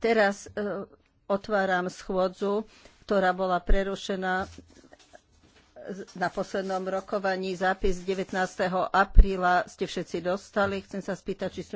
Teraz eh, otváram schôdzu, ktorá bola prerušená eh, na poslednom rokovaní. Zápis 19. apríla ste všetci dostali. Chcem sa spýtať, či sú